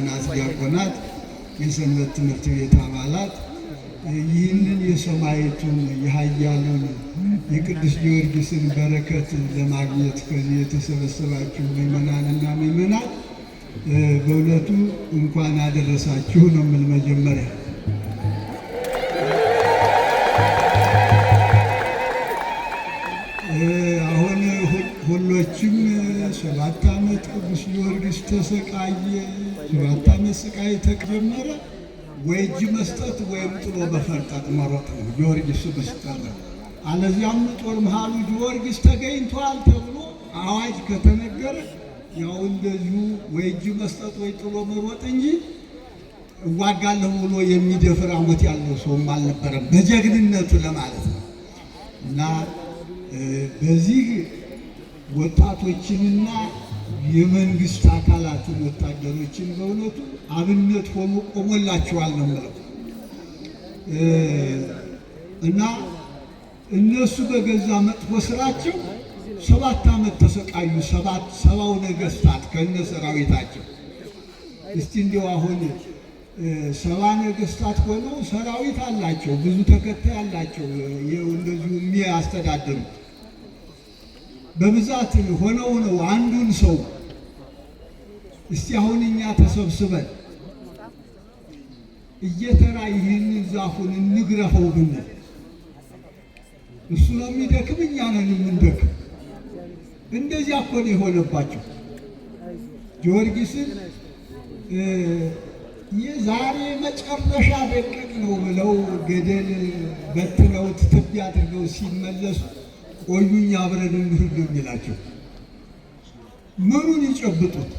ናት ዲያቆናት፣ የሰንበት ትምህርት ቤት አባላት ይህንን የሰማይቱን የሀያሉን የቅዱስ ጊዮርጊስን በረከት ለማግኘት ከዚህ የተሰበሰባችሁ ምዕመናንና ምዕመናት በእውነቱ እንኳን አደረሳችሁ ነው የምል መጀመሪያ ቅዱስ ጊዮርጊስ ተሰቃየ። ሰባት ዓመት ስቃይ ተጀመረ። ወይ እጅ መስጠት ወይም ጥሎ በፈርጠጥ መሮጥ ነው ጊዮርጊስ ምስጠረ። አለዚያም ጦር መሃሉ ጊዮርጊስ ተገኝቷል ተብሎ አዋጅ ከተነገረ ያው እንደዚሁ ወይ እጅ መስጠት ወይ ጥሎ መሮጥ እንጂ እዋጋለሁ ብሎ የሚደፍር አሞት ያለው ሰውም አልነበረም፣ በጀግንነቱ ለማለት ነው። እና በዚህ ወጣቶችንና የመንግስት አካላትን ወታደሮችን በእውነቱ አብነት ሆኖ ቆሞላቸዋል ነው የምለው እና እነሱ በገዛ መጥፎ ስራቸው ሰባት ዓመት ተሰቃዩ። ሰባት ሰባው ነገስታት ከነ ሰራዊታቸው። እስቲ እንዲያው አሁን ሰባ ነገስታት ሆነው ሰራዊት አላቸው፣ ብዙ ተከታይ አላቸው፣ እንደዚሁ የሚያስተዳድሩት በብዛት ሆነው ነው አንዱን ሰው እስቲ አሁን እኛ ተሰብስበን እየተራ ይህንን ዛፉን እንግረፈው ብንል እሱ ነው የሚደክም፣ እኛ ነን የምንደክም። እንደዚያ እኮ ነው የሆነባቸው። ጊዮርጊስን የዛሬ መጨረሻ ደቀቅ ነው ብለው ገደል በትነውት ትቢ አድርገው ሲመለሱ ቆዩኝ አብረን እንሂድ የሚላቸው ምኑን ይጨብጡት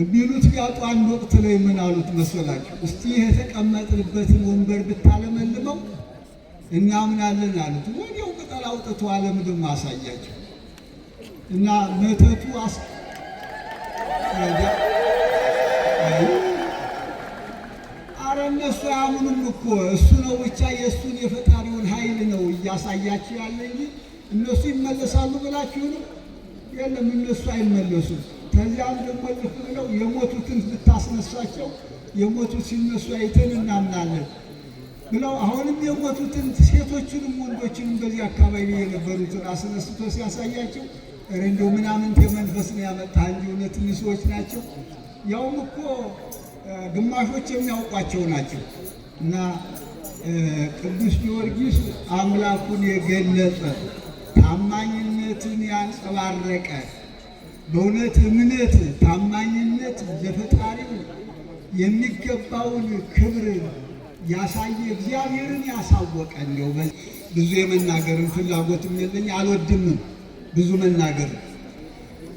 የሚሉት ጋጡ አንድ ወቅት ላይ ምን አሉት መሰላቸው? እስቲ የተቀመጥንበትን ወንበር ብታለመልመው እናምናለን አሉት። ወዲያው ቅጠል አውጥቶ አለምልሞ አሳያቸው እና መተቱ አረ እነሱ አያምኑም እኮ እሱ ነው ብቻ የእሱን የፈጣሪውን ኃይል ነው እያሳያቸው ያለ እንጂ እነሱ ይመለሳሉ ብላችሁ ነው? የለም እነሱ አይመለሱም። ከዚያም ደግሞ ልፍ ብለው የሞቱትን ብታስነሳቸው የሞቱት ሲነሱ አይተን እናምናለን ብለው አሁንም የሞቱትን ሴቶችንም ወንዶችንም በዚህ አካባቢ የነበሩትን አስነስቶ ሲያሳያቸው ኧረ እንደው ምናምን የመንፈስ ነው ያመጣ እንጂ እውነት ሰዎች ናቸው። ያውም እኮ ግማሾች የሚያውቋቸው ናቸው እና ቅዱስ ጊዮርጊስ አምላኩን የገለጸ ታማኝነትን ያንጸባረቀ በእውነት እምነት ታማኝነት ለፈጣሪው የሚገባውን ክብር ያሳየ እግዚአብሔርን ያሳወቀ እንደው ብዙ የመናገርን ፍላጎትም የለኝ አልወድምም። ብዙ መናገር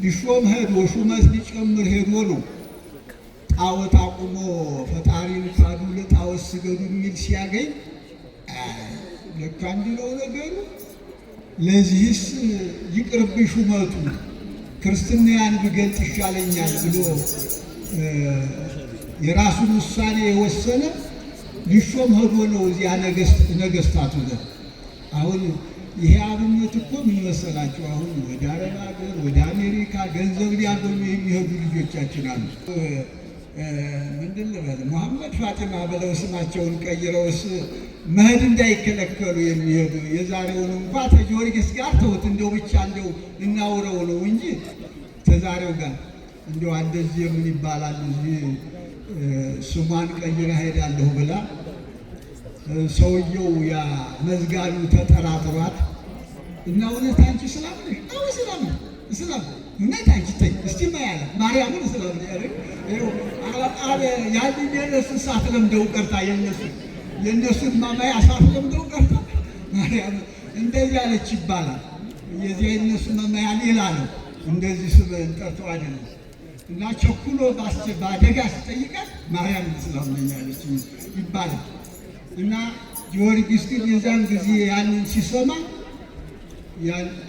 ሊሾም ሄዶ ሹመት ሊጨምር ሄዶ ነው። ጣዖት አቁሞ ፈጣሪን ካዱ ለጣዖት ስገዱ የሚል ሲያገኝ ለካ እንዲለው ነገሩ ለዚህስ ይቅርብ ሹመቱ ክርስትናያን ብገልጥ ይሻለኛል ብሎ የራሱን ውሳኔ የወሰነ ሊሾም ሄዶ ነው እዚያ ነገስታቱ ጋር። አሁን ይሄ አብነት እኮ ምን መሰላቸው? አሁን ወደ አረብ ሀገር ወደ አሜሪካ ገንዘብ ሊያገኙ የሚሄዱ ልጆቻችን አሉ። ምንድን ልበል መሐመድ ፋጢማ ብለው ስማቸውን ቀይረውስ መሄድ እንዳይከለከሉ የሚሄዱ የዛሬውን እንኳ ተጊዮርጊስ ጋር ተውት፣ እንደው ብቻ እንደው እናውረው ነው እንጂ ተዛሬው ጋር እንደው አንደዚህ ምን ይባላል እዚህ ስሟን ቀይራ ሄዳለሁ ብላ ሰውየው ያ መዝጋቢው ተጠራጥሯት እና እውነት አንቺ ስላምነሽ ነሽ? አዎ ስላም ነታጅተኝ እስቲ ማያለ ማርያምን ስለምንያረ ይኸው አባቃለ ያንን የእነሱን ቀርታ የእነሱ የእነሱን ማማያ ሳትለምደው ቀርታ ማርያም እንደዚህ አለች ይባላል። የዚያ የእነሱ ማማያ ሌላ ነው። እንደዚህ ስበን ጠርቶ አይደለም እና ቸኩሎ በአደጋ ሲጠይቃት ማርያም ስለምንያለች ይባላል እና ጊዮርጊስ ግን የዛን ጊዜ ያንን ሲሰማ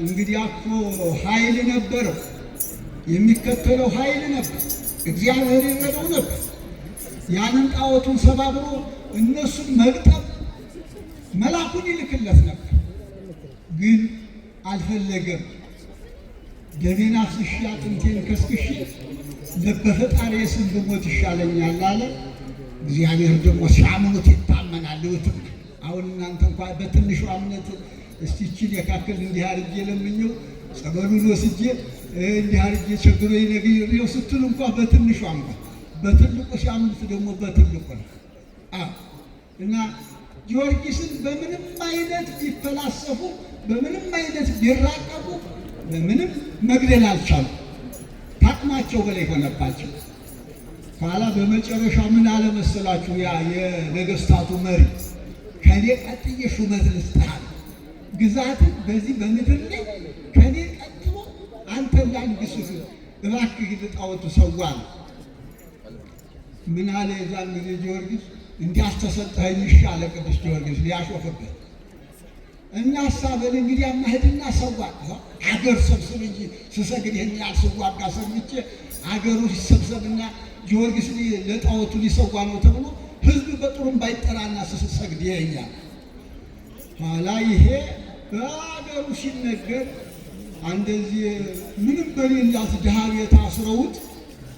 እንግዲህ እኮ ኃይል ነበረው። የሚከተለው ኃይል ነበር። እግዚአብሔር ይረዳው ነበር። ያንን ጣዖቱን ሰባብሮ እነሱን መግጠም መላኩን ይልክለት ነበር፣ ግን አልፈለገም። ደሜን አፍስሼ አጥንቴን ከስክሼ በፈጣሪ ስም ብሞት ይሻለኛል አለ። እግዚአብሔር ደግሞ ሲያምኑት ይታመናል። ልውትም አሁን እናንተ እንኳ በትንሹ እምነት እስቲችን የካከል እንዲህ አድርጌ ለምኘው ጸበሉን ወስጄ እንዲህ አድርጌ ችግሮኝ ነግሬው ስትል እንኳ በትንሿ እንኳ በትልቁ ሲያምኑት ደግሞ በትልቁ ነው። እና ጊዮርጊስን በምንም አይነት ቢፈላሰፉ፣ በምንም አይነት ቢራቀቁ፣ በምንም መግደል አልቻሉ። ታቅማቸው በላይ ሆነባቸው። ኋላ በመጨረሻ ምን አለመሰላችሁ? ያ የነገስታቱ መሪ ከኔ ቀጥዬ ሹመት ልስጥሃል፣ ግዛትን በዚህ በምድር ላይ መንግስት እባክህ ልጣወቱ ሰዋል። ምን አለ የዛን ጊዜ ጊዮርጊስ እንዲያስተሰጠኸኝ ይሻለ ቅዱስ ጊዮርጊስ ሊያሾፍበት እናሳ በል እንግዲህ አማህድና ሰዋል። አገር ሰብስብ እንጂ ስሰግድ ይህን ያህል ስዋጋ ሰምቼ አገሩ ሲሰብሰብና ጊዮርጊስ ለጣዖቱ ሊሰዋ ነው ተብሎ ህዝብ በጥሩም ባይጠራና ስሰግድ ይኸኛል ኋላ ይሄ በአገሩ ሲነገር አንደዚህ ምንም በሌላት ድሃ ቤት አስረውት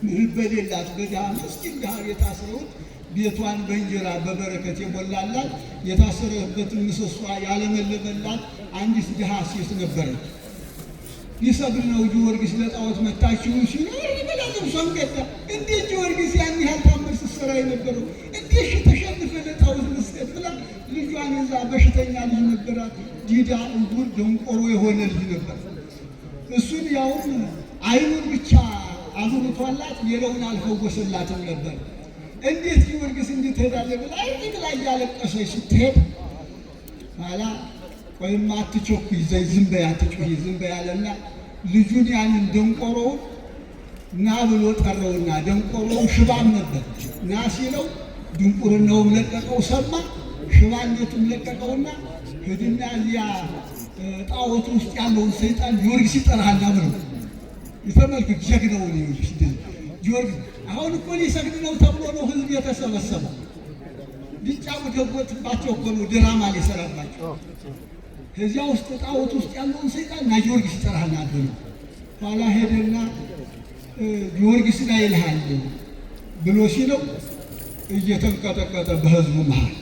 ምንም በሌላት በድሃ ምስኪን ድሃ ቤት አስረውት ቤቷን በእንጀራ በበረከት የሞላላት የታሰረበትን ምሰሷ ያለመለመላት አንዲት ድሃ ሴት ነበረች። ይሰብል ነው ጊዮርጊስ ለጣዖት መታችሁ ሲሉ ይበላ ልብሷን ገዳ እንዴት ጊዮርጊስ ያን ያህል ታምር ስትሰራ የነበረው እንዴት ተሸንፈ ለጣዖት መስገድ ብላ ልጇን ይዛ በሽተኛ ልጅ ነበራት። ዲዳ እንጉር ደንቆሮ የሆነ ልጅ ነበር። እሱን ያውም አይኑን ብቻ አብሩቷላት ሌላውን አልፈወሰላትም ነበር። እንዴት ጊዮርጊስ እንዲህ ትሄዳለህ ብላ አይጥ ላይ እያለቀሰች ስትሄድ ኋላ ወይም አትቸኩይ ይዘይ ዝም በይ አትጩሂ ዝም በይ አለና ልጁን ያንን ደንቆሮውን ና ብሎ ጠረውና ደንቆሮው ሽባም ነበር። ና ሲለው ድንቁርናውም ለቀቀው ሰማ፣ ሽባነቱም ለቀቀውና ሂድና እዚያ ጣዖቱ ውስጥ ያለውን ሰይጣን ጊዮርጊስ ይጠራሃል ብለው የተመልክት ጀግነው ጊዮርጊስ አሁን እኮ ሊሰግድ ነው ተብሎ ነው ህዝብ የተሰበሰበ የተሰበሰበው። ሊጫወትባቸው እኮ ነው ድራማ ሊሰራባቸው። ከዚያ ውስጥ ጣዖት ውስጥ ያለውን ሰይጣን ና ጊዮርጊስ ይጠራሃል ብለው ኋላ ሄደና ጊዮርጊስ ና ይልሃል ብሎ ሲለው እየተንቀጠቀጠ በህዝቡ መሃል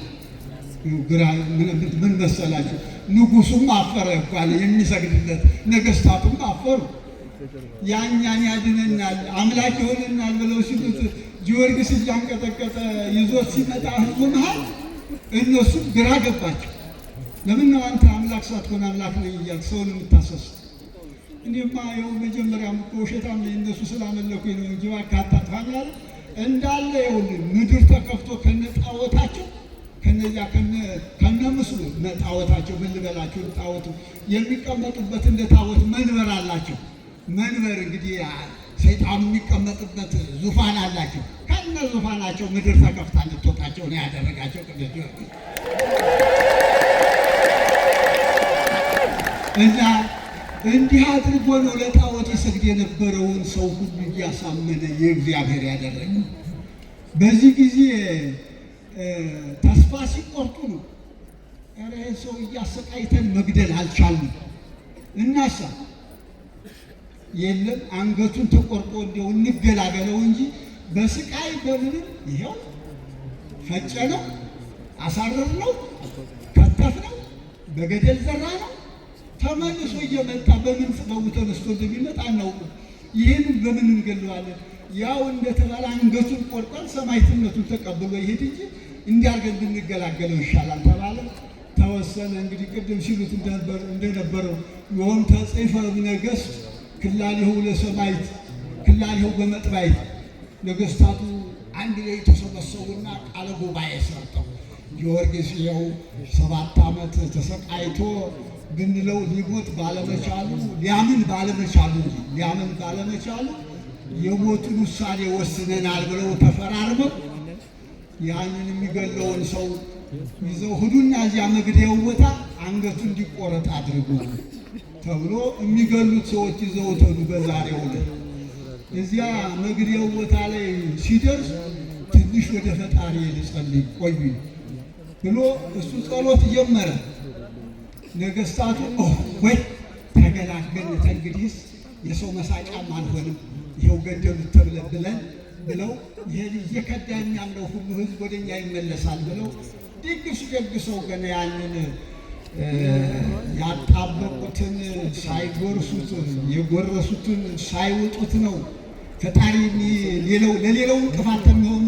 ግራ ምን መሰላቸው ንጉሱም አፈረ እኳል የሚሰግድለት ነገስታቱም አፈሩ። ያኛን ያድነናል አምላክ ይሆንናል ብለው ሲሉት ጊዮርጊስ እያንቀጠቀጠ ይዞት ሲመጣ ህዝቡ መሃል እነሱም ግራ ገባቸው። ለምን ነው አንተ አምላክ ሳትሆን አምላክ ነኝ እያልክ ሰውን የምታሰስ? እኔማ ይኸው መጀመሪያም እኮ ውሸታም ነኝ እነሱ ስላመለኩኝ ነው እንጂ እባክህ አታጥፋኝ አለ። እንዳለ ይኸውልህ ምድር ተከፍቶ ከነጣወታቸው ከነዚያ ከነምስሉ ጣዖታቸው ምን ጣዖቱ የሚቀመጡበት እንደ ጣዖት መንበር አላቸው። መንበር እንግዲህ ሰይጣኑ የሚቀመጥበት ዙፋን አላቸው። ከነ ዙፋናቸው ምድር ተከፍታ እንድትወጣቸው ነው ያደረጋቸው። ቅዱስ ጊዮርጊስ እና እንዲህ አድርጎ ነው ለጣዖት ይሰግድ የነበረውን ሰው ሁሉ እያሳመነ የእግዚአብሔር ያደረገው በዚህ ጊዜ ተስፋ ሲቆርጡ ነው። ኧረ ሰው እያሰቃይተን መግደል አልቻልንም። እናሳ የለም አንገቱን ተቆርጦ እንዲው እንገላገለው እንጂ በስቃይ በምንም ይኸው ፈጨ ነው፣ አሳረር ነው፣ ከተፍ ነው፣ በገደል ዘራ ነው። ተመልሶ እየመጣ በምን ጽበቡ ተነስቶ እንደሚመጣ አናውቅም። ይህንም በምን እንገለዋለን? ያው እንደተባለ አንገቱን ቆርጧል፣ ሰማዕትነቱን ተቀብሎ ይሄድ እንጂ እንዲያርገን ብንገላገለው ይሻላል ተባለ፣ ተወሰነ። እንግዲህ ቅድም ሲሉት እንደነበረው ወም ተጽፈ ነገስት ክላሊሁ ለሰማይት ክላሊሁ በመጥባይት ነገሥታቱ አንድ ላይ ተሰበሰቡና ቃለ ጉባኤ ሰርተው ጊዮርጊስ ይኸው ሰባት ዓመት ተሰቃይቶ ብንለው ሊሞት ባለመቻሉ ሊያምን ባለመቻሉ ሊያምን ባለመቻሉ የሞቱን ውሳኔ ወስነናል ብለው ተፈራርመው ያንን የሚገለውን ሰው ይዘው ሂዱና እዚያ መግደያው ቦታ አንገቱ እንዲቆረጥ አድርጎ ተብሎ የሚገሉት ሰዎች ይዘው ተዱ በዛሬው ነው። እዚያ መግደያው ቦታ ላይ ሲደርስ ትንሽ ወደ ፈጣሪ ልጸልይ ቆዩ ብሎ እሱ ጸሎት ጀመረ። ነገስታቱ ወይ ተገላገልን፣ እንግዲህስ የሰው መሳቂያም አልሆንም፣ ይኸው ገደሉት ተብለን ብለን ብለው ይሄ ልጅ ሁሉ ህዝብ ወደኛ ይመለሳል ብለው ድግሱ ደግሰው ገና ያንን ያጣበቁትን ሳይጎርሱት የጎረሱትን ሳይወጡት ነው ፈጣሪ ሌለው ለሌለው እንቅፋት ከሚሆኑ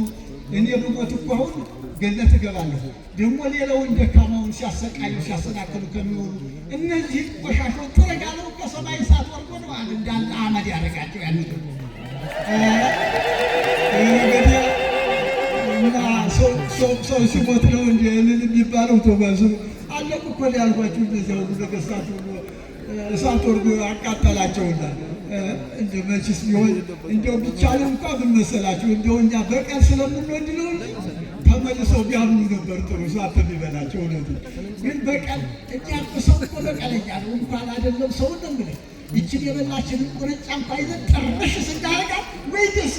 እኔ ብሞት እኮ አሁን ገነት እገባለሁ። ደግሞ ሌላውን ደካማውን ሲያሰቃዩ ሲያሰናክሉ ከሚሆኑ እነዚህ ቆሻሾ ተረጋለው ከሰማይ እሳት ወርዶ ነው እንዳለ አመድ ያደረጋቸው ያን እና ሰው ሲሞት ነው እንደ እልል የሚባለው። ቶማሱ አለቁ እኮ ያልኳቸው እነዚያ ሁሉ ነገሥታት ሁሉ እሳት ወርዶ አቃጠላቸውና እንደ መችስ ቢሆን እንደው ቢቻለም እንኳ ምን እንደው እኛ በቀል ስለምንወድ ነው ተመልሰው ቢያምኑ ነበር ጥሩ እሳት የሚበላቸው እውነት ግን በቀል እኛ ሰው እኮ በቀለኛ ነው እንኳን አይደለም ሰው ነው የምልህ ይችን የበላችንን ቁርጫ እንኳ ይዘን ጥርሽ ስናደርጋት ወይ ደስ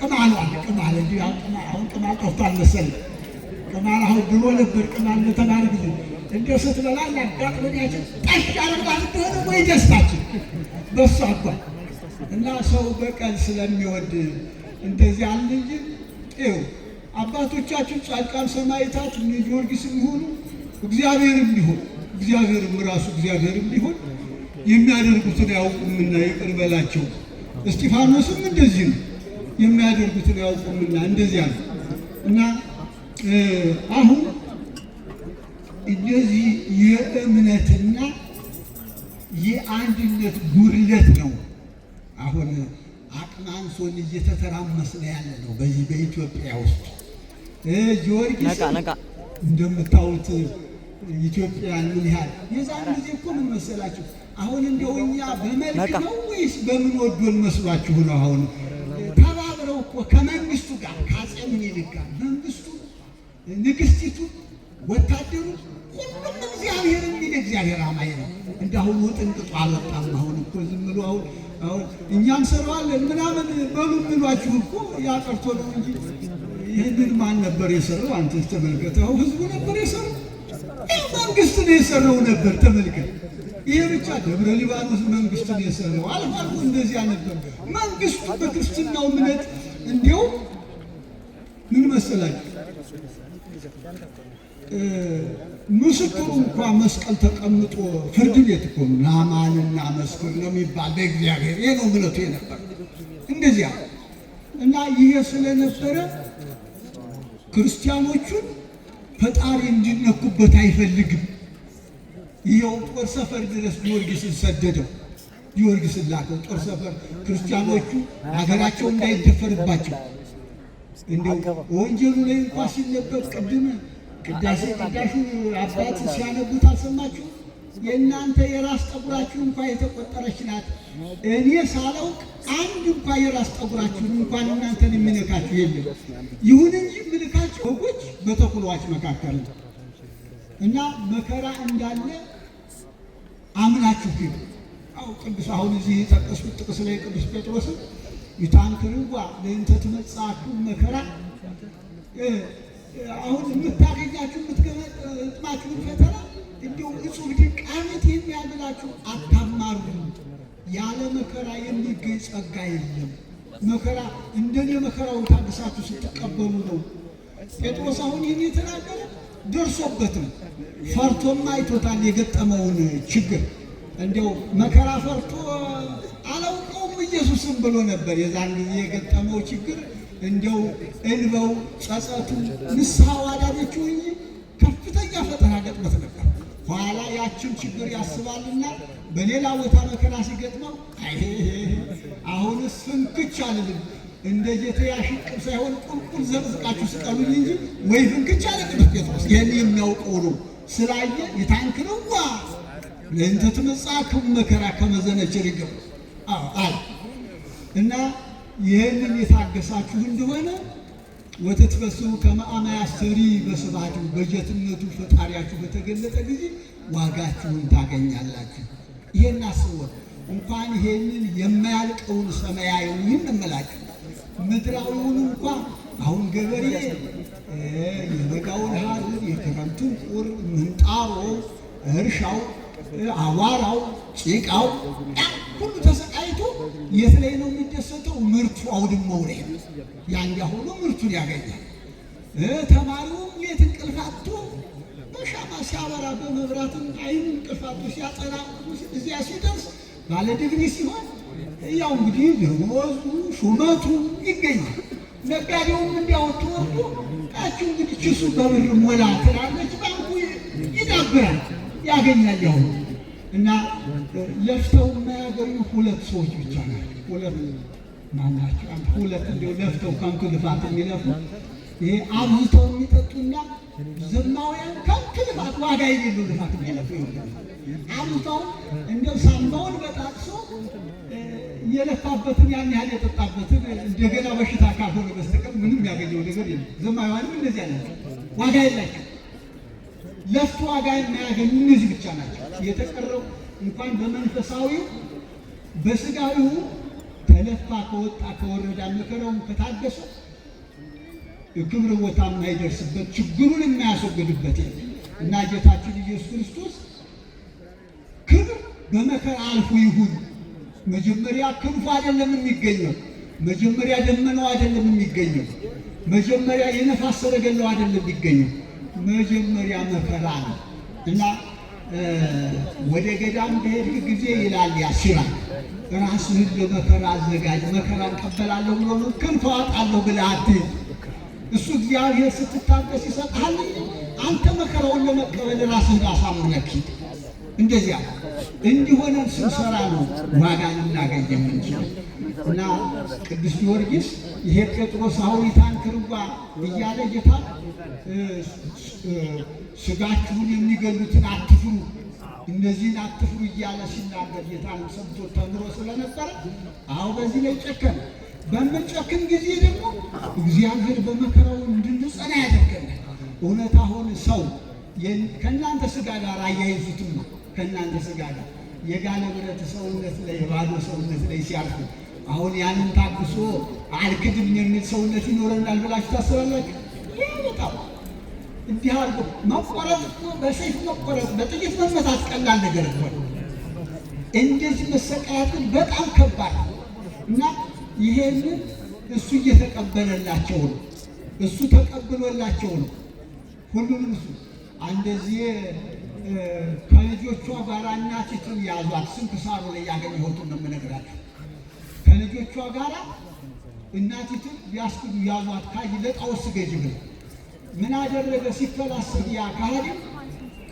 ቅማል አለ ቅማል እንዲህ አሁን ቅማል ጠፍቷል መሰለኝ። ቅማል አሁን ድሮ ነበር ቅማል ለተባለ ጊዜ እንዲሁ ስትበላ ወይ ደስታችን በሱ አባል እና ሰው በቀል ስለሚወድ እንደዚህ አለ እንጂ ይኸው አባቶቻችን ጻድቃን ሰማዕታት እነ ጊዮርጊስ የሚሆኑ እግዚአብሔርም ቢሆን እግዚአብሔርም ራሱ እግዚአብሔርም ቢሆን የሚያደርጉትን ያውቁምና ይቅር በላቸው። እስጢፋኖስም እንደዚህ ነው። የሚያደርጉትን ያውቁምና እንደዚህ አለ እና አሁን እነዚህ የእምነትና የአንድነት ጉድለት ነው። አሁን አቅናንሶን እየተተራመስን ያለ ነው። በዚህ በኢትዮጵያ ውስጥ ጊዮርጊስ እንደምታውት ኢትዮጵያን ምን ያህል የዛን ጊዜ እኮ ምን መሰላችሁ? አሁን እንደው እኛ በመልክ ነው ወይስ በምን ወዶን መስሏችሁ ነው አሁን እኮ ከመንግስቱ ጋር ከአፄ ምኒልክ ጋር መንግስቱ፣ ንግስቲቱ፣ ወታደሩ ሁሉም እግዚአብሔር የሚል እግዚአብሔር አማኝ ነው። እንደ አሁኑ አልወጣም። አሁን እኮ ዝም ብሎ አሁን አሁን እኛም ሰራዋለን ምናምን በሉ የሚሏችሁ እኮ ያቀርቶ ነው እንጂ ይህንን ማን ነበር የሰራው? አንተ ተመልከተው። ህዝቡ ነበር የሰራው። መንግስት ነው የሰራው ነበር። ተመልከት። ይህ ብቻ ደብረ ሊባኖስ መንግስትን የሰራው አልፎ አልፎ እንደዚያ ነበር መንግስቱ በክርስትናው እምነት እንዲሁም ምን መሰላችሁ ምስክሩ እንኳ መስቀል ተቀምጦ ፍርድ ቤት እኮ ናማንና መስክር ነው የሚባል በእግዚአብሔር ይሄ ነው የነበር እንደዚያ እና ይሄ ስለነበረ ክርስቲያኖቹን ፈጣሪ እንዲነኩበት አይፈልግም። ይኸው ጦር ሰፈር ድረስ ጊዮርጊስን ሰደደው። ጊዮርጊስ ላከው ጦር ሰፈር ክርስቲያኖቹ ሀገራቸው እንዳይደፈርባቸው እንዲያው ወንጀሉ ላይ እንኳ ሲነበብ ቅድም ቅዳሴ ቅዳሹ አባት ሲያነቡት አልሰማችሁ? የእናንተ የራስ ጠጉራችሁ እንኳ የተቆጠረች ናት። እኔ ሳላውቅ አንድ እንኳ የራስ ጠጉራችሁን እንኳን እናንተን የሚነካችሁ የለም። ይሁን እንጂ ምልካችሁ በጎች በተኩላዎች መካከል ነው እና መከራ እንዳለ አምናችሁ ሂዱ። አዎ ቅዱስ አሁን እዚህ የጠቀሱት ጥቅስ ላይ ቅዱስ ጴጥሮስም ይታንክርዋ ለእንተ ትመጻችሁ መከራ አሁን የምታገኛችሁ የምትገጥማችሁን ፈተና እንዲሁ እጹብ ድንቅ አይነት የሚያድላችሁ አታማሩ። ያለ መከራ የሚገኝ ጸጋ የለም። መከራ እንደኔ መከራውን ታግሳችሁ ስትቀበሉ ነው። ጴጥሮስ አሁን ይህን የተናገረ ደርሶበት ፈርቶም አይቶታል የገጠመውን ችግር እንዲው መከራ ፈርቶ አላውቀውም ኢየሱስም ብሎ ነበር። የዛን ጊዜ የገጠመው ችግር እንዲው እንበው ጸጸቱ፣ ንስሐ ዋዳኖቹ ከፍተኛ ፈተና ገጥሞት ነበር። ኋላ ያችን ችግር ያስባልና በሌላ ቦታ መከራ ሲገጥመው አሁንስ ፍንክች አልልም እንደ ጌታ ያሽቅብ ሳይሆን ቁልቁል ዘቅዝቃችሁ ስቀሉኝ እንጂ ወይ ፍንክች አለ ቅዱስ ጴጥሮስ። ይህን የሚያውቀው ነው ስላየ የታንክ የታንክንዋ ለእንተ ትመጽአክሙ መከራ ከመ ዘነችር አለ እና ይህንን የታገሳችሁ እንደሆነ ወተትፈስሑ ከመ አመ-ዐስተሪ በስብሐቱ በጀትነቱ ፈጣሪያችሁ በተገለጠ ጊዜ ዋጋችሁን ታገኛላችሁ። ይሄን አስወር እንኳን ይሄንን የማያልቀውን ሰማያዊውን እንመላችሁ ምድራዊውን እንኳን አሁን ገበሬ የበጋውን ሀሩር የክረምቱን ቁር ምንጣሮ እርሻው አዋራው፣ ጭቃው ሁሉ ተሰቃይቶ የት ላይ ነው የሚደሰተው? ምርቱ አውድማው ላይ ያንያ ሁሉ ምርቱን ያገኛል። ተማሪውም ሌት እንቅልፋቱ በሻማ ሲያበራ በመብራትም አይኑ እንቅልፋቱ ሲያጠና እዚያ ሲደርስ ባለ ዲግሪ ሲሆን ያው እንግዲህ ደሞዙ ሹመቱ ይገኛል። ነጋዴውም እንዲያወጡ ወርዶ ቃችሁ እንግዲህ ኪሱ በብር ሞላ ትላለች፣ ባንኩ ይዳብራል። ያገኛል። ያው እና ለፍተው የማያገኙ ሁለት ሰዎች ብቻ ናቸው። ሁለት ማናቸው? ሁለት እንደው ለፍተው ከንቱ ልፋት የሚለፉ ይሄ አብዝተው የሚጠጡና ዘማውያን ከንቱ ልፋት ዋጋ የሌለው ልፋት የሚለፉ አብዝተው እንደው ሳምባውን በጣጥሶ የለፋበትን ያን ያህል የጠጣበትን እንደገና በሽታ ካልሆነ በስተቀር ምንም ያገኘው ነገር የለም። ዘማውያንም እንደዚህ አይነት ዋጋ የላቸው ለፍቶ ዋጋ የማያገኙ እነዚህ ብቻ ናቸው። የተቀረው እንኳን በመንፈሳዊው በስጋዊው ተለፋ ከወጣ ከወረዳ መከራውን ከታገሱ የክብር ቦታ የማይደርስበት ችግሩን የማያስወግድበት እና ጌታችን ኢየሱስ ክርስቶስ ክብር በመከራ አልፎ ይሁን። መጀመሪያ ክንፉ አይደለም የሚገኘው፣ መጀመሪያ ደመናው አይደለም የሚገኘው፣ መጀመሪያ የነፋስ ሰረገላው አይደለም የሚገኘው መጀመሪያ መከራ ነው እና ወደ ገዳም በሄድክ ጊዜ ይላል ያስባል ራስህን ለመከራ አዘጋጅ። መከራ እቀበላለሁ ብሎ ክንፍ ተዋጣለሁ ብለህ አትሂድ። እሱ እግዚአብሔር ስትታገስ ይሰጣል። አንተ መከራውን ለመቀበል ራስህን አሳምነህ ሂድ። እንደዚያ እንዲሆነ ስንሰራ ነው ዋጋ ልናገኝ የምንችል እና ቅዱስ ጊዮርጊስ ይሄ ጴጥሮስ ሐዊታን ክርዋ እያለ ጌታ ስጋችሁን የሚገሉትን አትፍሩ፣ እነዚህን አትፍሩ እያለ ሲናገር ጌታን ሰምቶ ተምሮ ስለነበረ አሁ በዚህ ላይ ጨከን በምንጨክን ጊዜ ደግሞ እግዚአብሔር በመከራው እንድንጸና ያደርገናል። እውነት አሁን ሰው ከእናንተ ስጋ ጋር አያይዙትም ነው ከእናንተ ስጋ ጋር የጋለ ብረት ሰውነት ላይ የባዶ ሰውነት ላይ ሲያልፉ አሁን ያንን ታግሶ አልክድም የሚል ሰውነት ይኖረናል ብላችሁ ታስባላችሁ? በጣም እንዲህ አድርጎ መቆረጥ በሰይፍ መቆረጥ በጥቂት መመታት ቀላል ነገር ነው። እንደዚህ መሰቃያትን በጣም ከባድ እና ይሄን እሱ እየተቀበለላቸው ነው። እሱ ተቀብሎላቸው ነው ሁሉንም እሱ አንደዚህ ከልጆቿ ጋር እናቲቱ ያዟት። ስንክሳሩ ላይ ያገኘሁትን ነው የምነግራቸው። ከልጆቿ ጋር እናቲቱን ቢያስኩዱ ያዟት ካይ ለጣዖት ስገጂ ብለ ምን አደረገ ሲፈላሰፍ ያ ካህዲ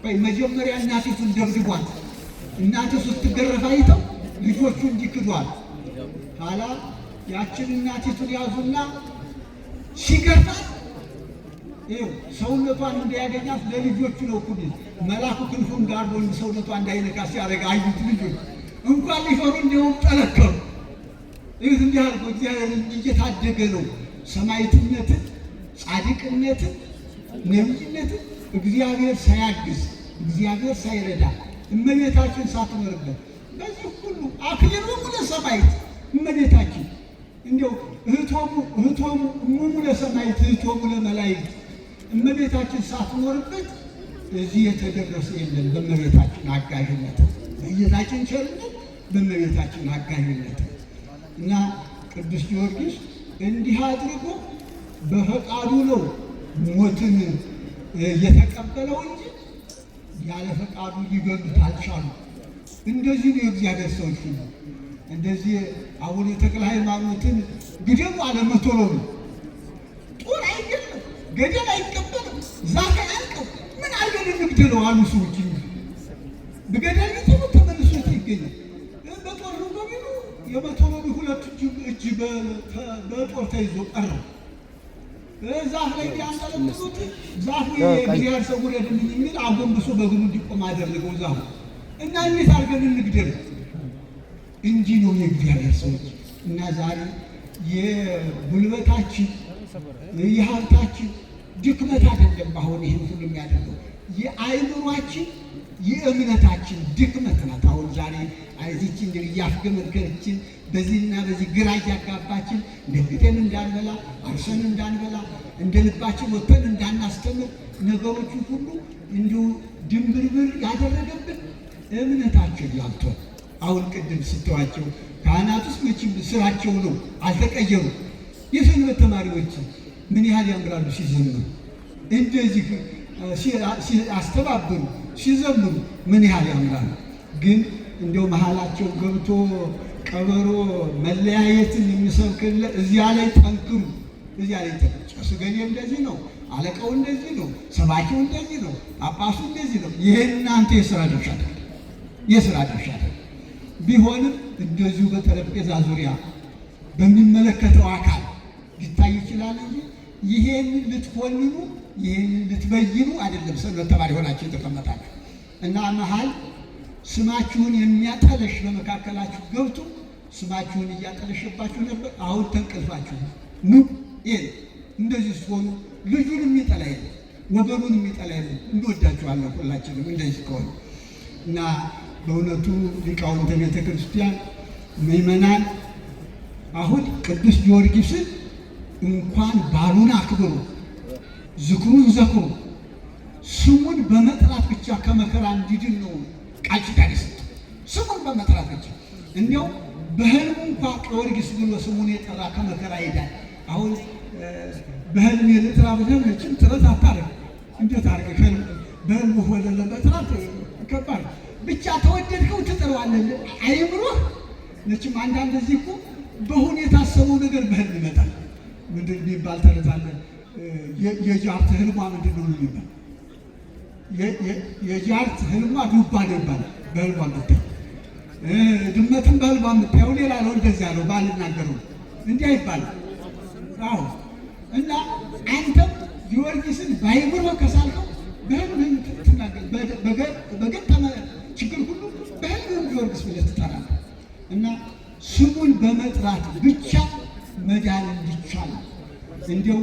ወይ መጀመሪያ እናቲቱን ደብድቧት፣ እናቲቱ ስትገረፍ አይተው ልጆቹ እንዲክዷል። ኋላ ያችን እናቲቱን ያዙና ሲገርፋት ሰውነቷን እንዳያገኛት ለልጆቹ ነው እኩል መላኩ ክንፉን ጋርዶ ሰውነቷ እንዳይነካ ሲያደርግ አዩት። ልጆች እንኳን ሊፈሩ እንዲሁም ጠለከሩ። ይህ እንዲህ አልኩ። እግዚአብሔር እየታደገ ነው ሰማዕትነትን፣ ጻድቅነትን፣ ነቢይነትን እግዚአብሔር ሳያግዝ እግዚአብሔር ሳይረዳ እመቤታችን ሳትኖርበት በዚህ ሁሉ አክሊሉ ለሰማዕት እመቤታችን እንዲያው እህቶሙ እህቶሙ እሙሙ ለሰማዕት እህቶሙ ለመላእክት እመቤታችን ሳትኖርበት እዚህ የተደረሰ የለም። በእመቤታችን አጋዥነት፣ በጌታችን ቸርነት፣ በእመቤታችን አጋዥነት እና ቅዱስ ጊዮርጊስ እንዲህ አድርጎ በፈቃዱ ነው ሞትን የተቀበለው እንጂ ያለ ፈቃዱ ሊገሉት አልቻሉ። እንደዚህ ነው የእግዚአብሔር ሰዎች ነው። እንደዚህ አቡነ ተክለ ሃይማኖትን ግደሉ አለ መቶ ነው ገደል አይቀበልም፣ ዛፍ አያልቅም። ምን አገር ንግድ አሉ ሰዎች። በገደል ንግድ ተመልሶ ይገኛል። በጦር በሚሉ የመቶሎሚ ሁለት እጅ በጦር ተይዞ ቀረ። ዛፍ ላይ ቢያንጠለጥሉት ዛፉ የእግዚአብሔር ሰው ያድልኝ የሚል አጎንብሶ በግሩ እንዲቆም አደረገው ዛፉ እና እንዴት አድርገን እንግደል? እንዲህ ነው የእግዚአብሔር ሰዎች እና ዛሬ የጉልበታችን የሀብታችን ድክመት አይደለም። አሁን ይህን ሁሉ የሚያደርገው የአይምሯችን የእምነታችን ድክመት ናት። አሁን ዛሬ አይዚች እንግዲህ እያፍገመገችን በዚህና በዚህ ግራ እያጋባችን እንደ እንዳንበላ አርሰን እንዳንበላ እንደ ልባችን ወጥተን እንዳናስተምር ነገሮቹ ሁሉ እንዲሁ ድንብርብር ያደረገብን እምነታችን ላልቶ አሁን ቅድም ስተዋቸው ካህናት ውስጥ መቼም ስራቸው ነው አልተቀየሩ የሰንበት ተማሪዎችን ምን ያህል ያምራሉ ሲዘምሩ እንደዚህ ሲአስተባብሩ ሲዘምሩ ምን ያህል ያምራሉ። ግን እንደው መሀላቸው ገብቶ ቀበሮ መለያየትን የሚሰብክለ እዚያ ላይ ጠንክሩ፣ እዚያ ላይ ጠንክሩ። ቄሱ ገኔ እንደዚህ ነው፣ አለቃው እንደዚህ ነው፣ ሰባኪው እንደዚህ ነው፣ ጳጳሱ እንደዚህ ነው። ይሄ እናንተ የስራ ድርሻ የስራ ድርሻ ቢሆንም እንደዚሁ በጠረጴዛ ዙሪያ በሚመለከተው አካል ሊታይ ይችላል እንጂ ይሄን ልትኮንኑ ይሄን ልትበይኑ አይደለም። ሰንበት ተማሪ ሆናችሁ ተቀመጣችሁ እና መሀል ስማችሁን የሚያጠለሽ በመካከላችሁ ገብቶ ስማችሁን እያጠለሸባችሁ ነበር። አሁን ተንቅልፋችሁ ኑ። ይሄ እንደዚህ ስትሆኑ ልጁን የሚጠላ የለም፣ ወገኑን የሚጠላ የለም። እንወዳችኋለን ሁላችንም እንደዚህ ከሆነ እና በእውነቱ ሊቃውንተ ቤተ ክርስቲያን ምእመናን አሁን ቅዱስ ጊዮርጊስን እንኳን ባሉን አክብሩ፣ ዝክሩን ዘክሩ። ስሙን በመጥራት ብቻ ከመከራ እንዲድን ነው ቃል ኪዳን የሰጠው። ስሙን በመጥራት ብቻ እንዲያው በህልሙ እንኳ ቀወርጊስ ብሎ ስሙን የጠራ ከመከራ ይዳል። አሁን በህልም የልጥራ ብለን ጥረት አታረግ። እንዴት አርገ በህልሙ ወለለ መጥራት ከባድ ብቻ ተወደድከው ትጥረዋለህ። አይምሮህ መቼም አንዳንድ እዚህ እኮ በሁን የታሰበው ነገር በህልም ይመጣል። ምንድን የሚባል ተረት አለ። የጃርት ህልሟ ምንድን ነው የሚባል የጃርት ህልሟ ዱባ ነው ይባላል። በህልሟ ምታይ ድመትን በህልሟ የምታየው ሌላ ነው። እንደዚያ ነው ባልናገረው እንዲህ ይባላል። አዎ እና አንተም ጊዮርጊስን ባይብሮ ከሳልከው በህልም ትናገር በገጠመ ችግር ሁሉ በህልም ጊዮርጊስ ብለህ ትጠራለህ እና ስሙን በመጥራት ብቻ መዳን ይቻላል። እንዲው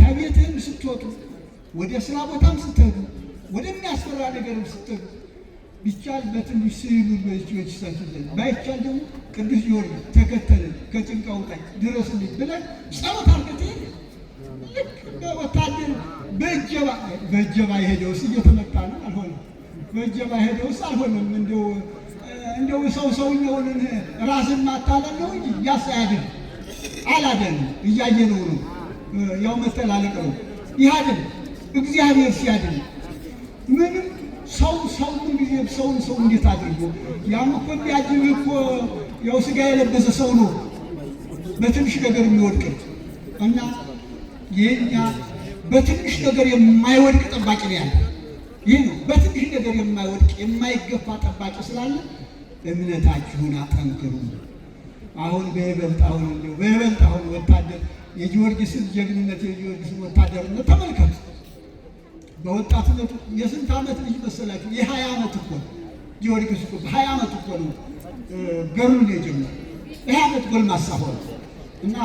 ከቤትህም ስትወጡ፣ ወደ ስራ ቦታም ስትሄዱ፣ ወደሚያስፈራ ነገርም ስትሄዱ ቢቻል በትንሽ ስዕሉን በእጆች ሰጡልን፣ ባይቻል ደግሞ ቅዱስ ጊዮርጊስ ተከተልን፣ ከጭንቅ አውጣኝ፣ ድረስልኝ ብለን ጸሎት አርገቴ ልክ ወታደር በእጀባ በእጀባ የሄደውስ ነው አልሆነም። በእጀባ የሄደውስ አልሆነም። እንደው ሰው ሰውኛውን ራስን ማታለል ነው እንጂ ያሳያድን አላደን እያየነው ነው። ያው መተላለቅ ነው። ይህድን እግዚአብሔር ሲያድን ምንም ሰው ሰው ጊዜ ሰውን ሰው እንዴት አድርጎ ያም እኮ የሚያጅብ እኮ ያው ስጋ የለበሰ ሰው ነው በትንሽ ነገር የሚወድቅ እና ይህኛ በትንሽ ነገር የማይወድቅ ጠባቂ ነው ያለ። ይህ ነው በትንሽ ነገር የማይወድቅ የማይገፋ ጠባቂ ስላለ እምነታችሁን አጠንክሩ። አሁን በይበልጥ አሁን እንደው በይበልጥ አሁን ወታደር የጊዮርጊስን ጀግንነት የጊዮርጊስን ወታደርነት ተመልከቱ። በወጣትነቱ የስንት ዓመት ልጅ መሰላችሁ? የሀያ ዓመት እኮ ነው ጊዮርጊስ እኮ በሀያ ዓመት እኮ ነው ገሩን የጀመረ በሀያ ዓመት ጎልማሳ ሆነ እና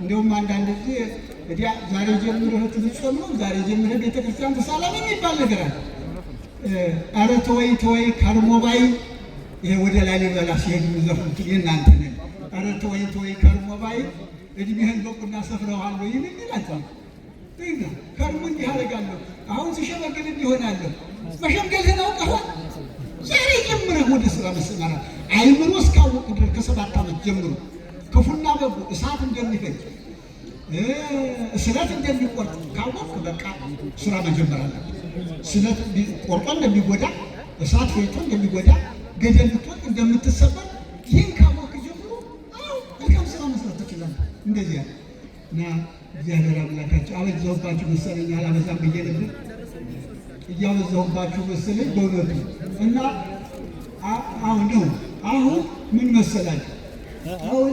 እንደውም አንዳንድ ጊዜ እዲያ ዛሬ ጀምረህ ትልጾም ነው ዛሬ ጀምረህ ቤተክርስቲያን ተሳላም የሚባል ነገር አለ። ኧረ ተወይ ተወይ ከርሞባይ ይሄ ወደ ላሊበላ ሲሄድ የሚዘፍኑት የእናንተ ነገር ኧረ ተወይ ተወይ ከርሞ ባይል እድሜህን በቁና ሰፍረዋለሁ ይህን ይላቸዋል። ከርሞ እንዲህ አደርጋለሁ አሁን ሲሸመግል እንዲሆናለሁ መሸምገልህን አውቀኋል። ዛሬ ጀምረህ ወደ ስራ መሰማራት አይምሮ እስካወቁ ድረስ ከሰባት ዓመት ጀምሮ ክፉና በጎ እሳት እንደሚፈጅ ስለት እንደሚቆርጥ ካወቅህ በቃ ስራ መጀመር አለብህ። ስለት ቆርጦ እንደሚጎዳ፣ እሳት ፈጭቶ እንደሚጎዳ፣ ገደል ልትወጥ እንደምትሰበር ይህን እንደዚያ እና እግዚአብሔር አምላካቸው አበዛሁባችሁ መሰለኝ፣ አላበዛም ብዬ ነበር። እያበዛሁባችሁ መሰለኝ በእውነቱ እና አሁን ነው አሁን ምን መሰላችሁ አሁን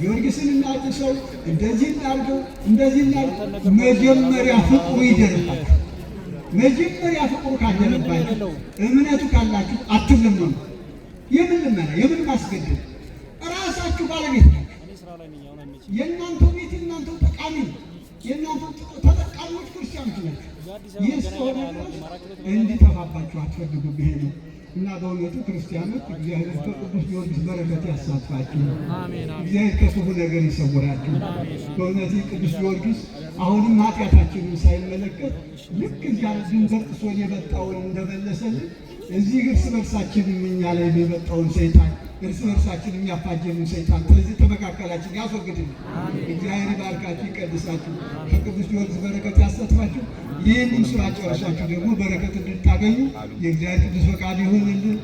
ጊዮርጊስን እናድሰው፣ እንደዚህ እናድርገው፣ እንደዚህ እናድርገው። መጀመሪያ ፍቅሩ ይደርባችሁ። መጀመሪያ ፍቅሩ ካደረባችሁ፣ እምነቱ ካላችሁ አትለመኑ። የምን ልመና፣ የምን ማስገደድ? ራሳችሁ ባለቤት ነው። የእናንተው ቤት የእናንተው ጠቃሚ የእናንተው ተጠቃሚዎች ክርስቲያኖች ናቸው። ይህ እስከሆነ እንዲጠፋባችሁ አትፈልጉም። ይሄ ነው እና በእውነቱ ክርስቲያኖች እግዚአብሔር ከቅዱስ ጊዮርጊስ በረከት ያሳትፋችሁ፣ እግዚአብሔር ከክፉ ነገር ይሰውራችሁ። በእውነት ቅዱስ ጊዮርጊስ አሁንም ኃጢአታችንን ሳይመለከት ልክ እዚያ ድንበር ጥሶ የመጣውን እንደመለሰልን እዚህ እርስ በርሳችን እኛ ላይ የመጣውን ሰይጣን እርስ በርሳችን የሚያፋጀንን ሰይጣን ስለዚህ ተመካከላችን ያስወግድልን። እግዚአብሔር ይባርካችሁ፣ ይቀድሳችሁ፣ ከቅዱስ ጊዮርጊስ በረከት ያሰጥፋችሁ። ይህንም ስራ ጨረሳችሁ ደግሞ በረከት እንድታገኙ የእግዚአብሔር ቅዱስ ፈቃድ ይሁንልን።